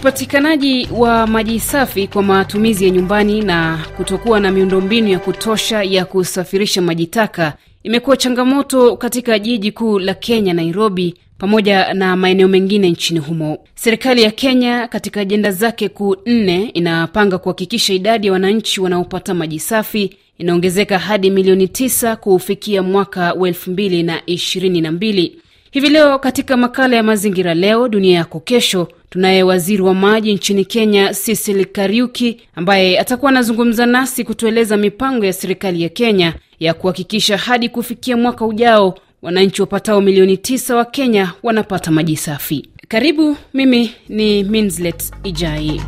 Upatikanaji wa maji safi kwa matumizi ya nyumbani na kutokuwa na miundombinu ya kutosha ya kusafirisha maji taka imekuwa changamoto katika jiji kuu la Kenya, Nairobi, pamoja na maeneo mengine nchini humo. Serikali ya Kenya katika ajenda zake kuu nne inapanga kuhakikisha idadi ya wananchi wanaopata maji safi inaongezeka hadi milioni tisa kuufikia mwaka wa elfu mbili na ishirini na mbili. Hivi leo katika makala ya mazingira leo dunia yako kesho Tunaye waziri wa maji nchini Kenya, sisili Kariuki, ambaye atakuwa anazungumza nasi kutueleza mipango ya serikali ya Kenya ya kuhakikisha hadi kufikia mwaka ujao wananchi wapatao milioni tisa wa Kenya wanapata maji safi. Karibu, mimi ni Minslet Ijai.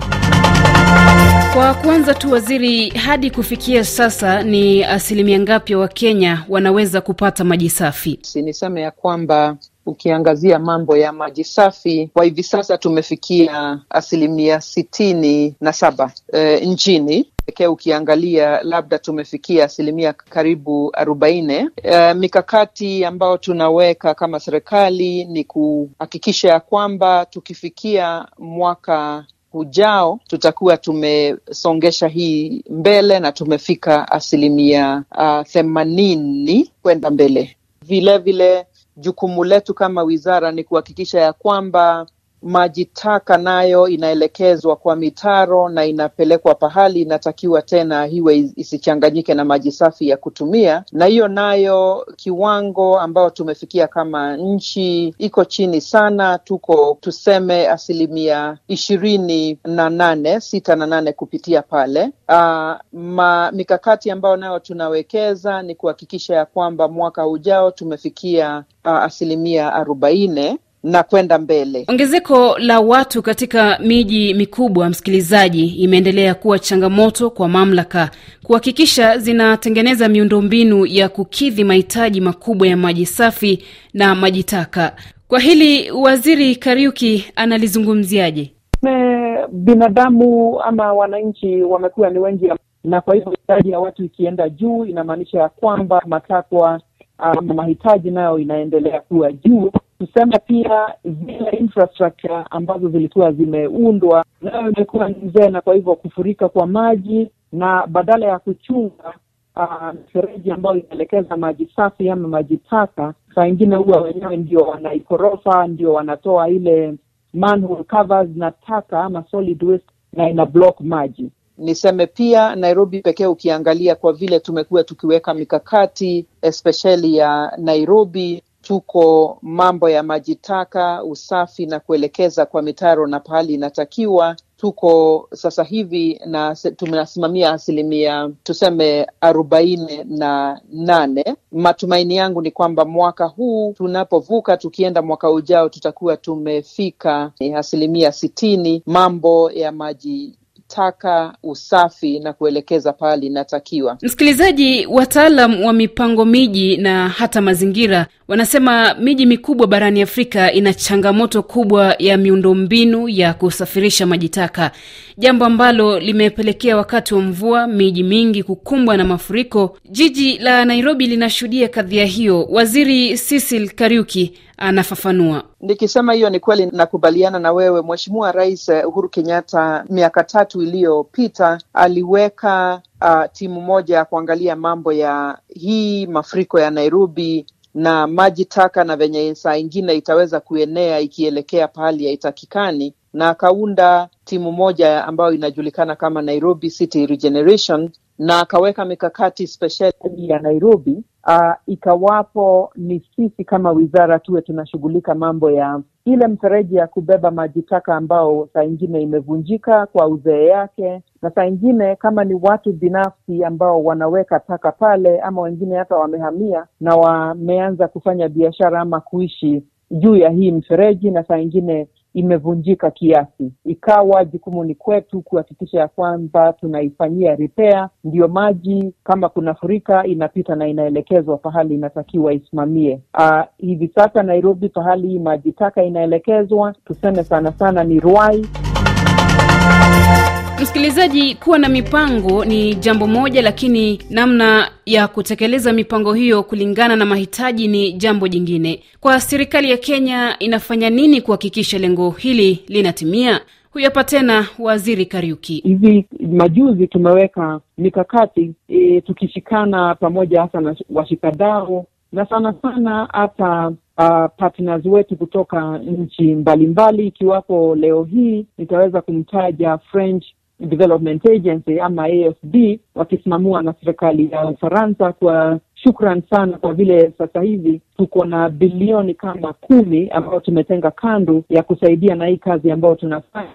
Kwa kwanza tu waziri, hadi kufikia sasa ni asilimia ngapi wa Kenya wanaweza kupata maji safi? niseme ya kwamba ukiangazia mambo ya maji safi, kwa hivi sasa tumefikia asilimia sitini na saba e, nchini pekee ukiangalia labda tumefikia asilimia karibu arobaine E, eh, mikakati ambayo tunaweka kama serikali ni kuhakikisha ya kwamba tukifikia mwaka ujao tutakuwa tumesongesha hii mbele na tumefika asilimia uh, themanini kwenda mbele vilevile vile, jukumu letu kama wizara ni kuhakikisha ya kwamba maji taka nayo inaelekezwa kwa mitaro na inapelekwa pahali inatakiwa tena hiwe isichanganyike na maji safi ya kutumia, na hiyo nayo kiwango ambayo tumefikia kama nchi iko chini sana. Tuko tuseme asilimia ishirini na nane sita na nane kupitia pale. Aa, ah, ma, mikakati ambayo nayo tunawekeza ni kuhakikisha ya kwamba mwaka ujao tumefikia ah, asilimia arobaine na kwenda mbele. Ongezeko la watu katika miji mikubwa, msikilizaji, imeendelea kuwa changamoto kwa mamlaka kuhakikisha zinatengeneza miundombinu ya kukidhi mahitaji makubwa ya maji safi na maji taka. Kwa hili Waziri Kariuki analizungumziaje? Binadamu ama wananchi wamekuwa ni wengi, na kwa hivyo idadi ya watu ikienda juu inamaanisha ya kwamba matakwa ama um, mahitaji nayo inaendelea kuwa juu kusema pia zile infrastructure ambazo zilikuwa zimeundwa nayo imekuwa nzee na kwa hivyo kufurika kwa maji, na badala ya kuchunga ah, mifereji uh, ambayo inaelekeza maji safi ama maji taka, saa ingine huwa wenyewe ndio wanaikorofa, ndio wanatoa ile covers na taka ama solid waste, na ina block maji. Niseme pia Nairobi pekee, ukiangalia kwa vile tumekuwa tukiweka mikakati especially ya Nairobi tuko mambo ya maji taka, usafi na kuelekeza kwa mitaro na pahali inatakiwa. Tuko sasa hivi na tunasimamia asilimia tuseme arobaini na nane. Matumaini yangu ni kwamba mwaka huu tunapovuka, tukienda mwaka ujao, tutakuwa tumefika asilimia sitini mambo ya maji taka, usafi na kuelekeza pale inatakiwa. Msikilizaji, wataalam wa mipango miji na hata mazingira wanasema miji mikubwa barani Afrika ina changamoto kubwa ya miundombinu ya kusafirisha maji taka, jambo ambalo limepelekea wakati wa mvua miji mingi kukumbwa na mafuriko. Jiji la Nairobi linashuhudia kadhia hiyo. Waziri Cecil Kariuki Anafafanua. Nikisema hiyo ni kweli, nakubaliana na wewe Mheshimiwa Rais eh, Uhuru Kenyatta miaka tatu iliyopita aliweka uh, timu moja ya kuangalia mambo ya hii mafuriko ya Nairobi na maji taka na venye saa ingine itaweza kuenea ikielekea pahali haitakikani, na akaunda timu moja ambayo inajulikana kama Nairobi City Regeneration, na akaweka mikakati speciali ya Nairobi uh, ikawapo ni sisi kama wizara tuwe tunashughulika mambo ya ile mfereji ya kubeba maji taka ambao saa ingine imevunjika kwa uzee yake, na saa ingine kama ni watu binafsi ambao wanaweka taka pale, ama wengine hata wamehamia na wameanza kufanya biashara ama kuishi juu ya hii mfereji, na saa ingine imevunjika kiasi. Ikawa jukumu ni kwetu kuhakikisha ya kwamba tunaifanyia ripea, ndiyo maji kama kuna furika inapita na inaelekezwa pahali inatakiwa isimamie. Aa, ah, hivi sasa Nairobi pahali maji taka inaelekezwa tuseme sana sana ni Ruai. Msikilizaji, kuwa na mipango ni jambo moja, lakini namna ya kutekeleza mipango hiyo kulingana na mahitaji ni jambo jingine. Kwa serikali ya Kenya inafanya nini kuhakikisha lengo hili linatimia? Huyu hapa tena Waziri Kariuki. Hivi majuzi tumeweka mikakati e, tukishikana pamoja hasa na washikadau na sana sana hata uh, partners wetu kutoka nchi mbalimbali. Ikiwapo leo hii nitaweza kumtaja French Development Agency ama AFD wakisimamiwa na serikali ya Ufaransa kwa Shukran sana kwa vile sasa hivi tuko na bilioni kama kumi ambayo tumetenga kando ya kusaidia na hii kazi ambayo tunafanya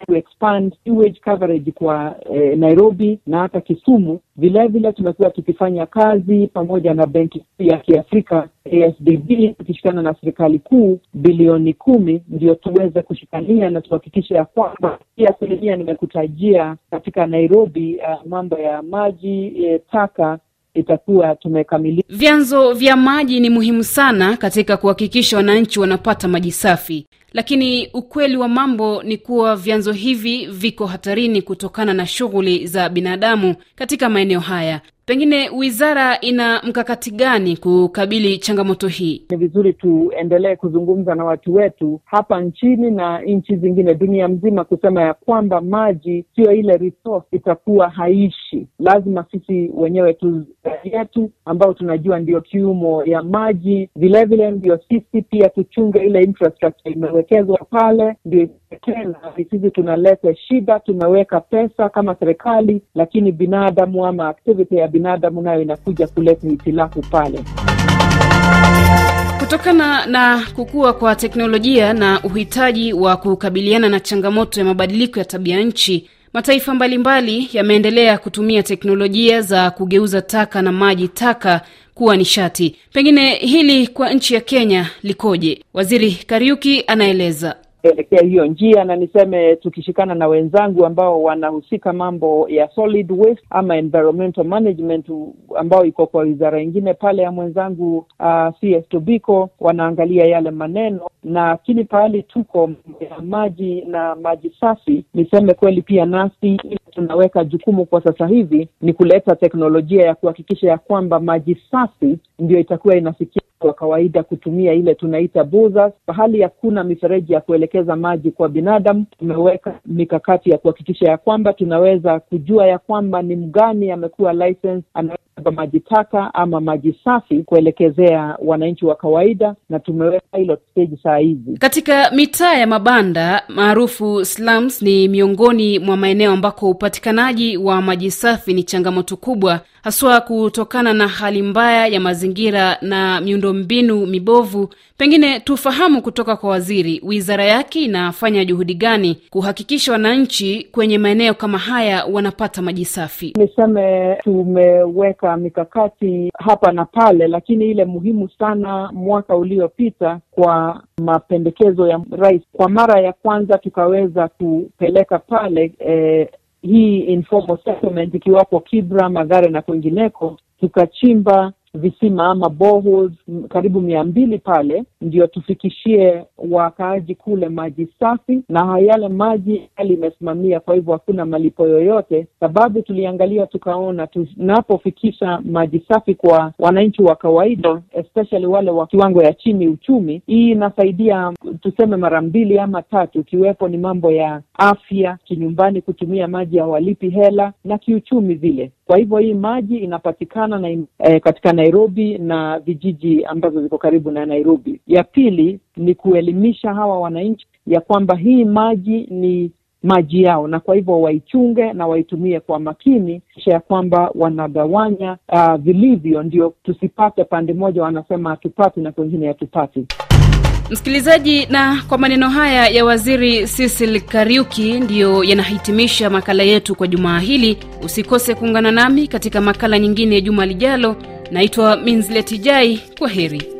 coverage kwa eh, Nairobi na hata Kisumu. Vilevile tumekuwa tukifanya kazi pamoja na benki kuu ya Kiafrika ASDB tukishikana na serikali kuu bilioni kumi ndio tuweze kushikania na tuhakikishe ya kwamba hii asilimia nimekutajia katika Nairobi, uh, mambo ya maji, eh, taka itakuwa tumekamilisha. Vyanzo vya maji ni muhimu sana katika kuhakikisha wananchi wanapata maji safi, lakini ukweli wa mambo ni kuwa vyanzo hivi viko hatarini kutokana na shughuli za binadamu katika maeneo haya. Pengine wizara ina mkakati gani kukabili changamoto hii? Ni vizuri tuendelee kuzungumza na watu wetu hapa nchini na nchi zingine dunia mzima, kusema ya kwamba maji siyo ile resource itakuwa haishi. Lazima sisi wenyewe tu eh, yetu ambao tunajua ndio kiumo ya maji, vilevile ndio sisi pia tuchunge ile infrastructure imewekezwa pale, ndio tena sisi tunaleta shida, tunaweka pesa kama serikali, lakini binadamu ama activity ya binadamu nayo inakuja kuleta hitilafu pale. Kutokana na kukua kwa teknolojia na uhitaji wa kukabiliana na changamoto ya mabadiliko ya tabia nchi, mataifa mbalimbali yameendelea kutumia teknolojia za kugeuza taka na maji taka kuwa nishati. Pengine hili kwa nchi ya Kenya likoje? Waziri Kariuki anaeleza kuelekea hiyo njia, na niseme tukishikana na wenzangu ambao wanahusika mambo ya solid waste ama environmental management ambao iko kwa wizara ingine pale ya mwenzangu uh, CS Tobiko, wanaangalia yale maneno, lakini pahali tuko ya maji na maji safi, niseme kweli pia nasi tunaweka jukumu kwa sasa hivi ni kuleta teknolojia ya kuhakikisha ya kwamba maji safi ndio itakuwa inafikia kwa kawaida kutumia ile tunaita buza. Pahali hakuna mifereji ya kuelekeza maji kwa binadamu, tumeweka mikakati ya kuhakikisha ya kwamba tunaweza kujua ya kwamba ni mgani amekuwa license anaweza maji taka ama maji safi kuelekezea wananchi wa kawaida, na tumeweka hilo steji saa hizi. Katika mitaa ya mabanda maarufu slums, ni miongoni mwa maeneo ambako upatikanaji wa maji safi ni changamoto kubwa, haswa kutokana na hali mbaya ya mazingira na miundo miundombinu mibovu, pengine tufahamu kutoka kwa waziri, wizara yake inafanya juhudi gani kuhakikisha wananchi kwenye maeneo kama haya wanapata maji safi? Niseme tumeweka mikakati hapa na pale, lakini ile muhimu sana mwaka uliopita kwa mapendekezo ya rais, kwa mara ya kwanza tukaweza kupeleka pale eh, hii informal settlement ikiwapo Kibra, Mathare na kwingineko, tukachimba visima ama boreholes karibu mia mbili pale, ndio tufikishie wakaaji kule maji safi, na yale maji hali imesimamia, kwa hivyo hakuna malipo yoyote, sababu tuliangalia tukaona tunapofikisha maji safi kwa wananchi wa kawaida, especially wale wa kiwango ya chini uchumi, hii inasaidia tuseme mara mbili ama tatu, ikiwepo ni mambo ya afya, kinyumbani kutumia maji hawalipi hela na kiuchumi vile. Kwa hivyo hii maji inapatikana na, eh, katika Nairobi na vijiji ambazo ziko karibu na Nairobi. Ya pili ni kuelimisha hawa wananchi ya kwamba hii maji ni maji yao na kwa hivyo waichunge na waitumie kwa makini, kisha ya kwamba wanagawanya uh, vilivyo, ndio tusipate pande moja wanasema hatupati na kwengine hatupati. Msikilizaji, na kwa maneno haya ya Waziri Cecil Kariuki ndiyo yanahitimisha makala yetu kwa jumaa hili. Usikose kuungana nami katika makala nyingine juma lijalo. Naitwa Minzletijai, kwa heri.